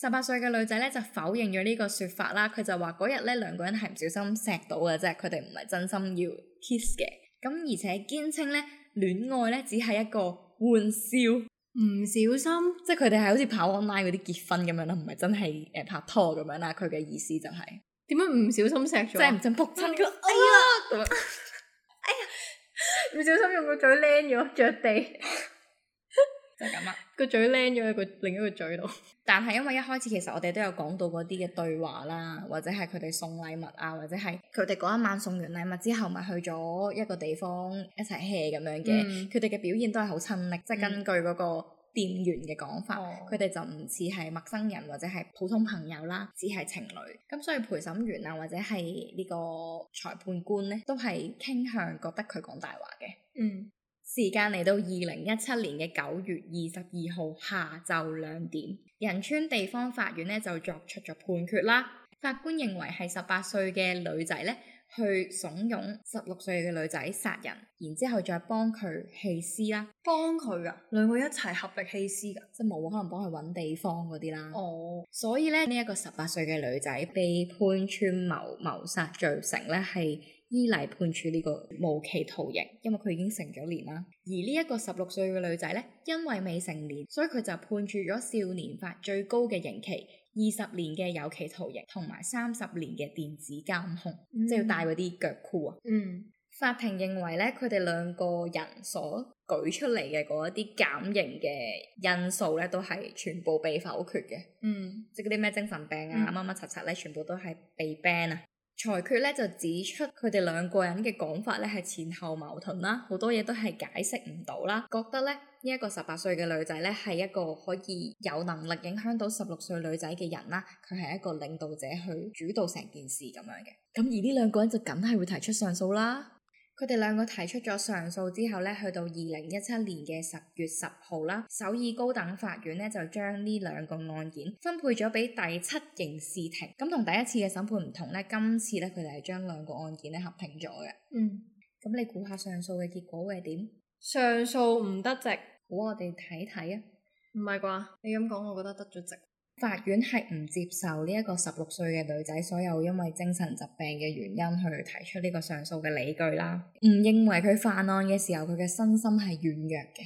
十八歲嘅女仔咧就否認咗呢個說法啦，佢就話嗰日咧兩個人係唔小心錫到嘅，即啫，佢哋唔係真心要 kiss 嘅。咁而且堅稱咧戀愛咧只係一個玩笑，唔小心，即係佢哋係好似跑 online 嗰啲結婚咁樣啦，唔係真係誒、呃、拍拖咁樣啦。佢嘅意思就係點解唔小心錫咗？即係唔小心撲親哎呀，哎呀，唔小心用個嘴舐咗着地。 *laughs* 就係咁啊！個嘴靚咗喺佢另一個嘴度。但係因為一開始其實我哋都有講到嗰啲嘅對話啦，或者係佢哋送禮物啊，或者係佢哋嗰一晚送完禮物之後咪去咗一個地方一齊吃 e a 咁樣嘅。佢哋嘅表現都係好親力，即係、嗯、根據嗰個店員嘅講法，佢哋、哦、就唔似係陌生人或者係普通朋友啦，只係情侶。咁所以陪審員啊或者係呢個裁判官咧，都係傾向覺得佢講大話嘅。嗯。時間嚟到二零一七年嘅九月二十二號下午兩點，仁川地方法院呢就作出咗判決啦。法官認為係十八歲嘅女仔呢。去慫恿十六歲嘅女仔殺人，然之後再幫佢棄屍啦，幫佢噶，兩個一齊合力棄屍噶，即係冇可能幫佢揾地方嗰啲啦。哦，所以咧呢一個十八歲嘅女仔被判串謀謀殺罪成咧，係依例判處呢個無期徒刑，因為佢已經成咗年啦。而呢一個十六歲嘅女仔咧，因為未成年，所以佢就判處咗少年法最高嘅刑期。二十年嘅有期徒刑同埋三十年嘅電子監控，即係要戴嗰啲腳箍啊！嗯，嗯，法庭認為咧，佢哋兩個人所舉出嚟嘅嗰一啲減刑嘅因素咧，都係全部被否決嘅。嗯，即係嗰啲咩精神病啊，乜乜柒柒咧，全部都係被 ban 啊！裁決呢就指出佢哋兩個人嘅講法呢係前後矛盾啦，好多嘢都係解釋唔到啦。覺得呢呢一個十八歲嘅女仔呢係一個可以有能力影響到十六歲女仔嘅人啦，佢係一個領導者去主導成件事咁樣嘅。咁而呢兩個人就梗係會提出上訴啦。佢哋兩個提出咗上訴之後咧，去到二零一七年嘅十月十號啦，首爾高等法院咧就將呢兩個案件分配咗俾第七刑事庭。咁同第一次嘅審判唔同咧，今次咧佢哋係將兩個案件咧合併咗嘅。嗯，咁你估下上訴嘅結果會係點？上訴唔得值，估我哋睇睇啊。唔係啩？你咁講，我覺得得咗值。法院係唔接受呢一個十六歲嘅女仔所有因為精神疾病嘅原因去提出呢個上訴嘅理據啦，唔認為佢犯案嘅時候佢嘅身心係軟弱嘅，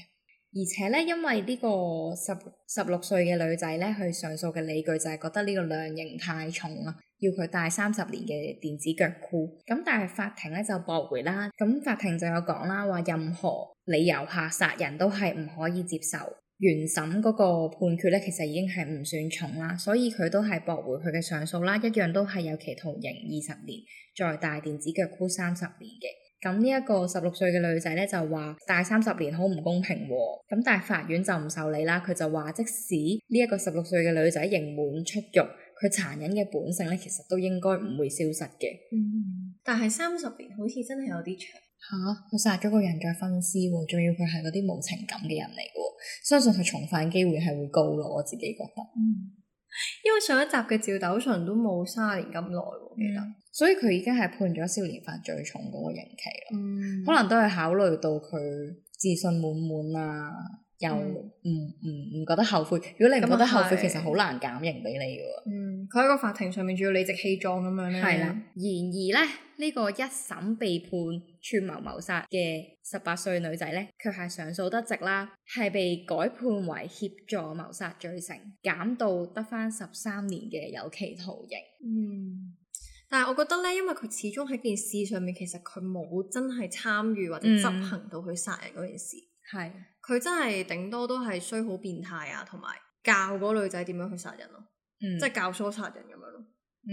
而且咧因為呢個十十六歲嘅女仔咧去上訴嘅理據就係覺得呢個量刑太重喇，要佢戴三十年嘅電子腳箍，咁但係法庭咧就駁回啦，咁法庭就有講啦，話任何理由下殺人都係唔可以接受。原審嗰個判決咧，其實已經係唔算重啦，所以佢都係駁回佢嘅上訴啦，一樣都係有期徒刑二十年，再戴電子腳箍三十年嘅。咁呢一個十六歲嘅女仔咧就話，戴三十年好唔公平，啊，咁但係法院就唔受理啦。佢就話，即使呢一個十六歲嘅女仔刑滿出獄，佢殘忍嘅本性咧，其實都應該唔會消失嘅。嗯，但係三十年好似真係有啲長。吓，佢、啊、殺咗個人再分屍喎，仲要佢係嗰啲冇情感嘅人嚟嘅喎，相信佢重犯機會係會高咯，我自己覺得。嗯。因為上一集嘅趙斗淳都冇卅年咁耐喎，我記得。嗯、所以佢已經係判咗少年犯最重嗰個刑期啦。嗯、可能都係考慮到佢自信滿滿啊。又唔唔唔覺得後悔？如果你唔覺得後悔，嗯、其實好難減刑俾你噶。嗯，佢喺個法庭上面仲要理直氣壯咁樣咧。係啦。然而咧，呢、呢個一審被判串謀謀殺嘅十八歲女仔咧，卻係上訴得直啦，係被改判為協助謀殺罪成，減到得返十三年嘅有期徒刑。嗯，但係我覺得咧，因為佢始終喺件事上面，其實佢冇真係參與或者執行到佢殺人嗰件事，係、嗯。佢真係頂多都係衰好變態啊，同埋教嗰女仔點樣去殺人咯、啊，嗯、即係教唆殺人咁樣咯、啊。嗯，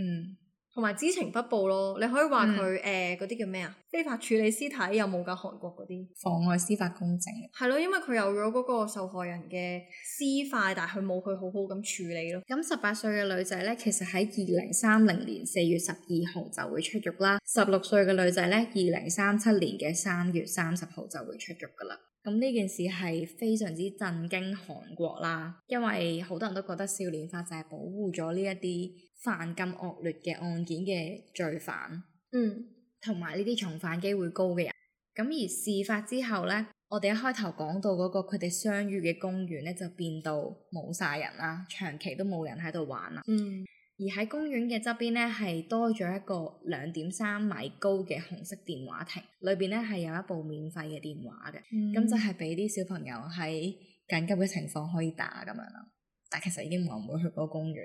同埋知情不報咯。你可以話佢誒嗰啲叫咩啊？非法處理屍體有冇噶？韓國嗰啲妨礙司法公正係咯，因為佢有咗嗰個受害人嘅屍塊，但係佢冇去好好咁處理咯。咁十八歲嘅女仔咧，其實喺二零三零年四月十二號就會出獄啦。十六歲嘅女仔咧，二零三七年嘅三月三十號就會出獄噶啦。咁呢件事係非常之震驚韓國啦，因為好多人都覺得少年法就係保護咗呢一啲犯咁惡劣嘅案件嘅罪犯，嗯，同埋呢啲重犯機會高嘅人。咁而事發之後咧，我哋一開頭講到嗰個佢哋相遇嘅公園咧，就變到冇晒人啦，長期都冇人喺度玩啦。嗯而喺公園嘅側邊咧，係多咗一個兩點三米高嘅紅色電話亭，裏邊咧係有一部免費嘅電話嘅，咁、嗯、就係俾啲小朋友喺緊急嘅情況可以打咁樣咯。但其實已經冇人會去嗰個公園。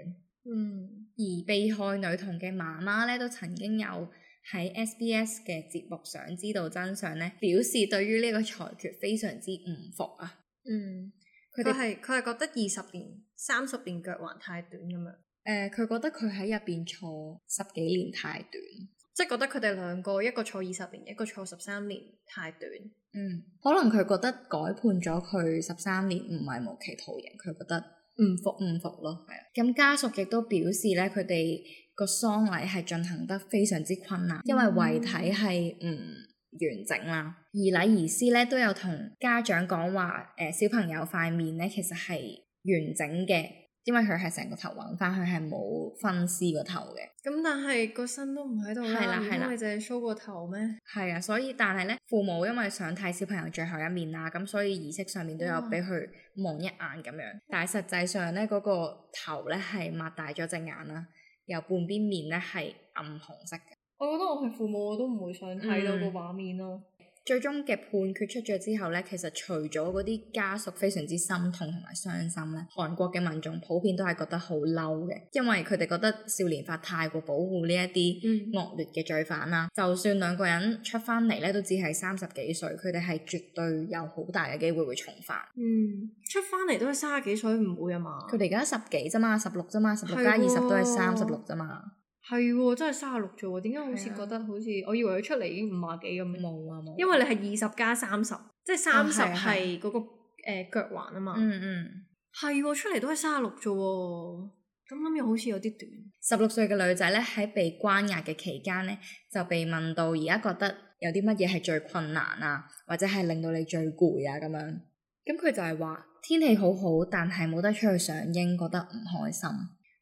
嗯，而被害女童嘅媽媽咧，都曾經有喺 SBS 嘅節目《想知道真相》咧，表示對於呢個裁決非常之唔服啊。嗯，佢係佢係覺得二十年、三十年腳還太短咁樣。誒，佢、呃、覺得佢喺入邊坐十幾年太短，即係覺得佢哋兩個一個坐二十年，一個坐十三年太短。嗯，可能佢覺得改判咗佢十三年唔係無期徒刑，佢覺得唔服唔服咯，係啊。咁家屬亦都表示咧，佢哋個喪禮係進行得非常之困難，嗯、因為遺體係唔完整啦。而禮儀師咧都有同家長講話，誒、呃、小朋友塊面咧其實係完整嘅。因為佢係成個頭揾翻，佢係冇分屍個頭嘅。咁但係個身都唔喺度啦，咁咪就係梳個頭咩？係啊，所以但係咧，父母因為想睇小朋友最後一面啦，咁所以儀式上面都有俾佢望一眼咁樣。哦、但係實際上咧，嗰、那個頭咧係擘大咗隻眼啦，有半邊面咧係暗紅色嘅。我覺得我係父母，我都唔會想睇到、嗯、個畫面咯、啊。最終嘅判決出咗之後咧，其實除咗嗰啲家屬非常之心痛同埋傷心咧，韓國嘅民眾普遍都係覺得好嬲嘅，因為佢哋覺得少年法太過保護呢一啲惡劣嘅罪犯啦。嗯、就算兩個人出翻嚟咧，都只係三十幾歲，佢哋係絕對有好大嘅機會會重犯。嗯，出翻嚟都係三十幾歲唔會啊嘛？佢哋而家十幾啫嘛，十六啫嘛，十六加二十都係三十六啫嘛。係喎、哦，真係三啊六啫喎，點解好似覺得好似係、啊、我以為佢出嚟已經五啊幾咁冇啊？啊因為你係二十加三十，30，即係三十係嗰個誒腳、呃、環啊嘛。嗯嗯、哦，係出嚟都係三啊六啫喎，咁咁又好似有啲短歲。十六歲嘅女仔咧喺被關押嘅期間咧就被問到而家覺得有啲乜嘢係最困難啊，或者係令到你最攰啊咁樣。咁佢就係話天氣好好，但係冇得出去上映，覺得唔開心。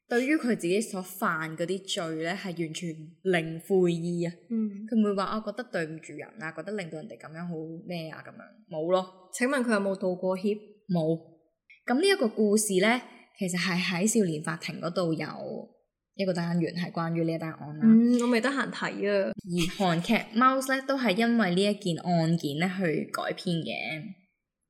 對於佢自己所犯嗰啲罪咧，係完全零悔意啊！嗯、佢唔會話我覺得對唔住人啊，覺得令到人哋咁樣好咩啊咁樣，冇咯。請問佢有冇道過歉？冇。咁呢一個故事咧，其實係喺少年法庭嗰度有一個單元係關於呢一單案啦。嗯，我未得閒睇啊。而韓劇《貓 Mouse》咧都係因為呢一件案件咧去改編嘅。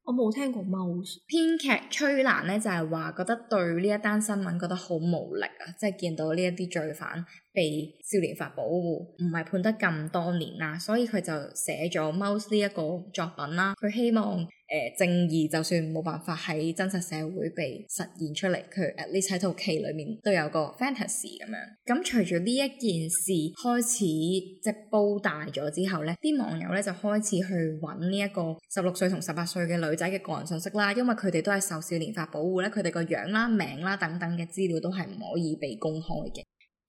我冇聽過 Mouse。編劇崔蘭咧就係話覺得對呢一單新聞覺得好無力啊，即係見到呢一啲罪犯被少年法保護，唔係判得咁多年啦，所以佢就寫咗 Mouse 呢一個作品啦，佢希望。呃、正義就算冇辦法喺真實社會被實現出嚟，佢 at least 喺套劇裏面都有個 fantasy 咁樣。咁隨住呢一件事開始即係煲大咗之後，呢啲網友呢，就開始去揾呢一個十六歲同十八歲嘅女仔嘅個人信息啦，因為佢哋都係受少年法保護咧，佢哋個樣啦、名啦等等嘅資料都係唔可以被公開嘅。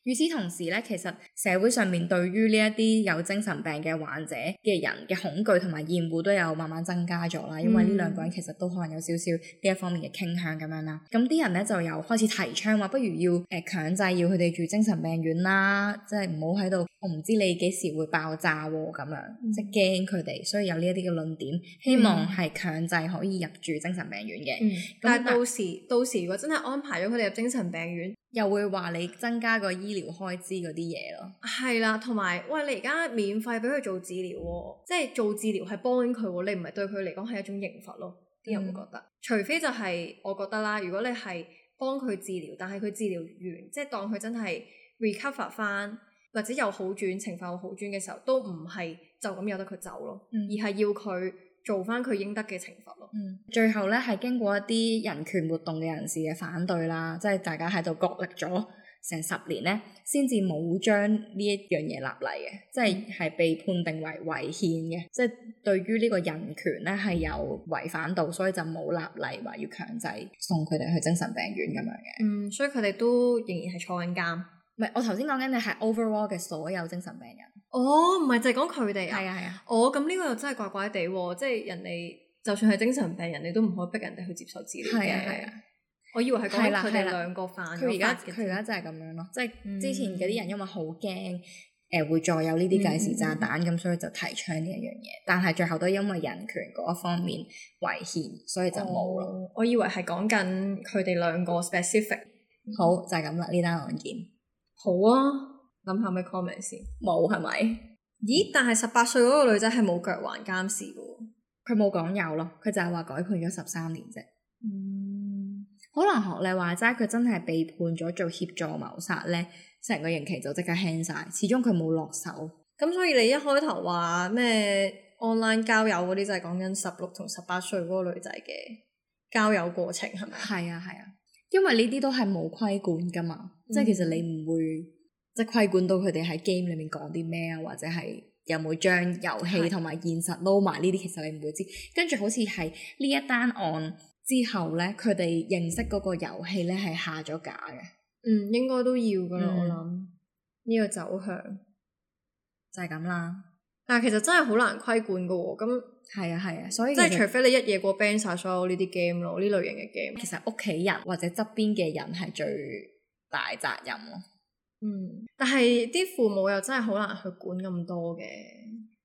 與此同時咧，其實社會上面對於呢一啲有精神病嘅患者嘅人嘅恐懼同埋厭惡都有慢慢增加咗啦。嗯、因為呢兩個人其實都可能有少少呢一方面嘅傾向咁樣啦。咁啲人咧就又開始提倡話，不如要誒、呃、強制要佢哋住精神病院啦，即係唔好喺度，我唔知你幾時會爆炸喎、啊、咁樣，即係驚佢哋，所以有呢一啲嘅論點，希望係強制可以入住精神病院嘅。嗯、但係到時到時，但到時到時如果真係安排咗佢哋入精神病院。又會話你增加個醫療開支嗰啲嘢咯，係啦，同埋喂，你而家免費俾佢做治療喎，即係做治療係幫佢喎，你唔係對佢嚟講係一種刑罰咯，啲人會覺得，除非就係我覺得啦，如果你係幫佢治療，但係佢治療完，即係當佢真係 recover 翻或者有好轉，情況會好轉嘅時候，都唔係就咁由得佢走咯，嗯、而係要佢。做翻佢應得嘅懲罰咯。嗯，最後咧係經過一啲人權活動嘅人士嘅反對啦，即係大家喺度角力咗成十年咧，先至冇將呢一樣嘢立例嘅，即係係被判定為違憲嘅，嗯、即係對於呢個人權咧係有違反到，所以就冇立例話要強制送佢哋去精神病院咁樣嘅。嗯，所以佢哋都仍然係坐緊監。唔係，我頭先講緊嘅係 overall 嘅所有精神病人。哦，唔係就係講佢哋。係啊係啊。哦，咁呢個又真係怪怪地喎，即係人哋就算係精神病人，你都唔可以逼人哋去接受治療啊，係啊。我以為係講佢哋兩個犯咗佢而家佢而家真係咁樣咯，即係之前嗰啲人因為好驚誒會再有呢啲計時炸彈咁，所以就提倡呢一樣嘢。但係最後都因為人權嗰一方面違憲，所以就冇咯。我以為係講緊佢哋兩個 specific。好，就係咁啦，呢單案件。好啊，諗下咩 comment 先，冇係咪？咦，但係十八歲嗰個女仔係冇腳環監視噶，佢冇講有咯，佢就係話改判咗十三年啫。嗯，可能學你話齋，佢真係被判咗做協助謀殺咧，成個刑期就即刻輕晒，始終佢冇落手。咁所以你一開頭話咩 online 交友嗰啲，就係講緊十六同十八歲嗰個女仔嘅交友過程係咪？係啊，係啊。因為呢啲都係冇規管噶嘛，嗯、即係其實你唔會即係規管到佢哋喺 game 裏面講啲咩啊，或者係有冇將遊戲同埋現實撈埋呢啲，是的 其實你唔會知。跟住好似係呢一單案之後咧，佢哋認識嗰個遊戲咧係下咗架嘅。嗯，應該都要噶啦，嗯、我諗呢、這個走向就係咁啦。但係其實真係好難規管噶喎，咁係啊係啊，所以即係除非你一夜過 ban 晒所有呢啲 game 咯，呢類型嘅 game，其實屋企人或者側邊嘅人係最大責任咯。嗯，但係啲父母又真係好難去管咁多嘅，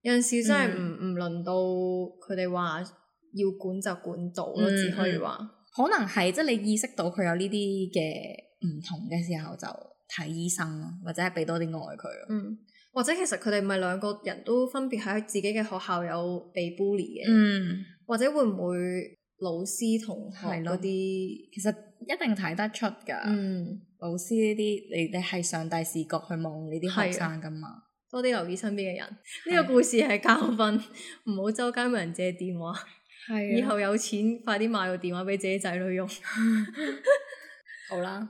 有陣時真係唔唔輪到佢哋話要管就管到咯，只可以話、嗯、可能係即係你意識到佢有呢啲嘅唔同嘅時候，就睇醫生咯，或者係俾多啲愛佢咯。嗯。或者其實佢哋咪兩個人都分別喺自己嘅學校有被 bully 嘅。嗯、或者會唔會老師同學嗰啲，其實一定睇得出噶。嗯、老師呢啲，你你係上帝視角去望你啲學生噶嘛，多啲留意身邊嘅人。呢的個故事係教訓，唔好周街問人借電話，的以後有錢快啲買個電話俾自己仔女用。的 *laughs* *laughs* 好啦，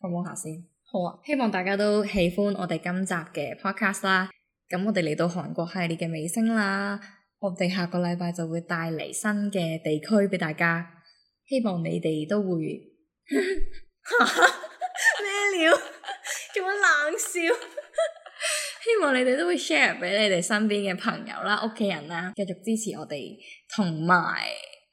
咁我下先。好啊！希望大家都喜歡我哋今集嘅 podcast 啦。咁我哋嚟到韓國系列嘅尾聲啦，我哋下個禮拜就會帶嚟新嘅地區畀大家。希望你哋都會咩料？做 *laughs* 乜 *laughs* 冷笑？ *laughs* 希望你哋都會 share 畀你哋身邊嘅朋友啦、屋企人啦，繼續支持我哋，同埋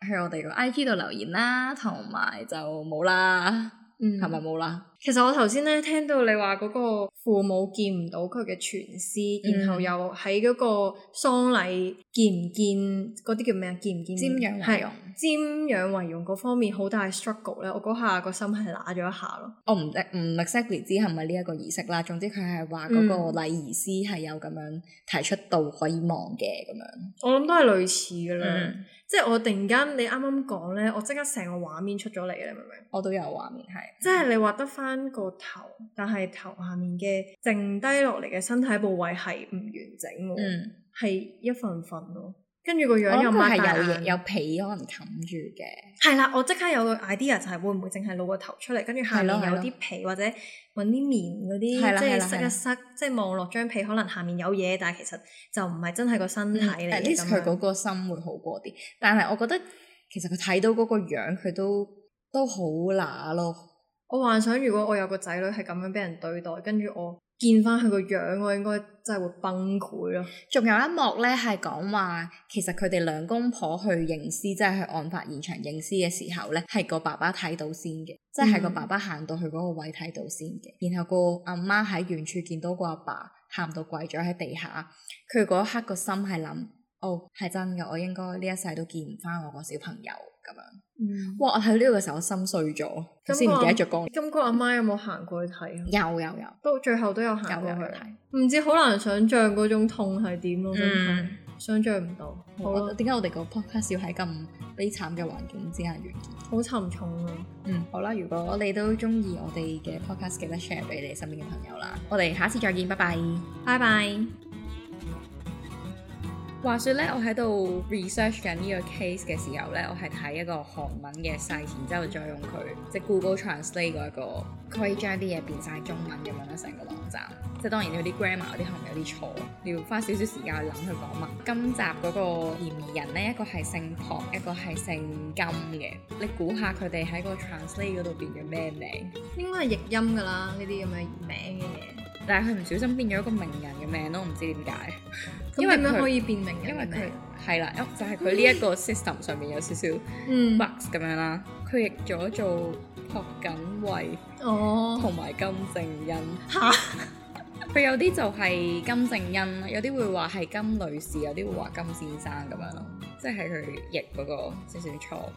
去我哋個 I P 度留言啦，同埋就冇啦。係咪冇啦？嗯、是是其實我頭先咧聽到你話嗰個父母見唔到佢嘅全屍，嗯、然後又喺嗰個喪禮見唔見嗰啲、嗯、叫咩啊？見唔見？瞻仰遺容，瞻仰遺容嗰方面好大嘅 struggle 咧。我嗰下個心係揦咗一下咯。我唔 e 唔 exactly 知係咪呢一個儀式啦。總之佢係話嗰個禮儀師係有咁樣提出到可以望嘅咁樣。嗯、我諗都係類似嘅啦。嗯即係我突然間，你啱啱講咧，我即刻成個畫面出咗嚟嘅，你明唔明？我都有畫面係，即係你畫得翻個頭，但係頭下面嘅剩低落嚟嘅身體部位係唔完整，嗯，係一份份咯。跟住個樣又冇曬硬，有被可能冚住嘅。係啦，我即刻有個 idea 就係會唔會淨係露個頭出嚟，跟住下面有啲被，的或者揾啲棉嗰啲，即係的塞一塞，即係望落張被可能下面有嘢，但係其實就唔係真係個身體嚟嘅咁啊。佢嗰、嗯、樣個心會好過啲，但係我覺得其實佢睇到嗰個樣，佢都都好乸咯。我幻想如果我有個仔女係咁樣俾人對待，跟住我。見翻佢個樣，我應該真係會崩潰咯。仲有一幕咧，係講話其實佢哋兩公婆去認屍，即係去案發現場認屍嘅時候咧，係個爸爸睇到先嘅，嗯、即係個爸爸行到去嗰個位睇到先嘅。然後個阿媽喺遠處見到個阿爸喊到跪咗喺地下，佢嗰一刻個心係諗。哦，係真噶，我應該呢一世都見唔翻我個小朋友咁樣。嗯，哇，我睇到呢個時候，我心碎咗，頭先唔記得着光。金哥阿媽有冇行過去睇？有有有，到最後都有行過去睇。唔知好難想象嗰種痛係點咯，想象唔到。我覺得點解我哋個 podcast 要喺咁悲慘嘅環境之下完結？好沉重。嗯，好啦，如果你都中意我哋嘅 podcast，記得 share 俾你身邊嘅朋友啦。我哋下次再見，拜拜，拜拜。話説咧，我喺度 research 緊呢個 case 嘅時候咧，我係睇一個韓文嘅細字，之後再用佢即係 Google Translate 嗰一個，可以將啲嘢變晒中文咁樣啦。成個網站即係當然有啲 grammar 嗰啲係咪有啲錯啊？你要花少少時間去諗佢講乜。今集嗰個嫌疑人咧，一個係姓韓，一個係姓金嘅。你估下佢哋喺個 Translate 嗰度變咗咩名？應該係譯音㗎啦，呢啲咁嘅名嘅嘢。但係佢唔小心變咗一個名人嘅名咯，唔知點解。因為佢可以變名人，因為佢係啦，就係佢呢一個 system 上面有少少 bug 咁樣啦。佢、嗯、譯咗做朴槿惠，哦，同埋金正恩。嚇，佢有啲就係金正恩，有啲會話係金女士，有啲會話金先生咁樣咯。即係佢譯嗰個少，少少錯。